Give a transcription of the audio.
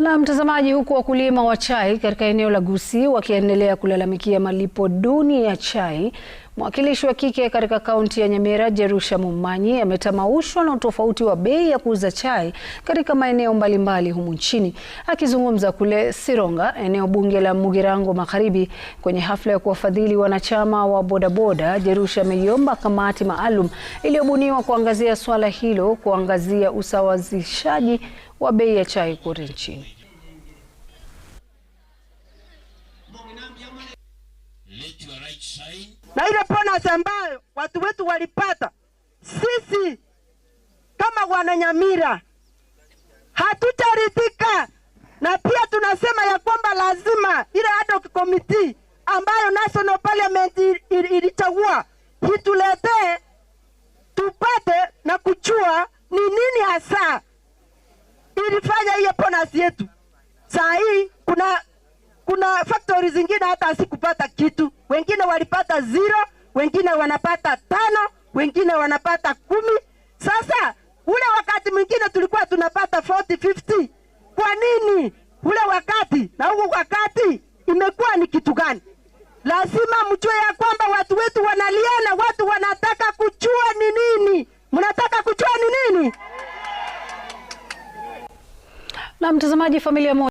Na mtazamaji, huku wakulima wa chai katika eneo la Gusii wakiendelea kulalamikia malipo duni ya chai, Mwakilishi wa kike katika kaunti ya Nyamira, Jerusha Mumanyi, ametamaushwa na utofauti wa bei ya kuuza chai katika maeneo mbalimbali humu nchini. Akizungumza kule Sironga, eneo bunge la Mugirango Magharibi, kwenye hafla ya kuwafadhili wanachama wa bodaboda, Jerusha ameiomba kamati maalum iliyobuniwa kuangazia swala hilo kuangazia usawazishaji wa bei ya chai kote nchini. Na ile bonus ambayo watu wetu walipata, sisi kama Wananyamira hatutaridhika, na pia tunasema ya kwamba lazima ile ad hoc committee ambayo national parliament ilichagua ituletee tupate na kuchua ni nini hasa ilifanya hiyo bonus yetu. Saa hii kuna kuna halmashauri zingine hata asikupata kitu, wengine walipata zero, wengine wanapata tano, wengine wanapata kumi. Sasa ule wakati mwingine tulikuwa tunapata 40 50. Kwa nini ule wakati na huu wakati imekuwa ni kitu gani? Lazima mjue ya kwamba watu wetu wanaliana, watu wanataka kujua ni nini. Mnataka kujua ni nini? Na mtazamaji, familia moja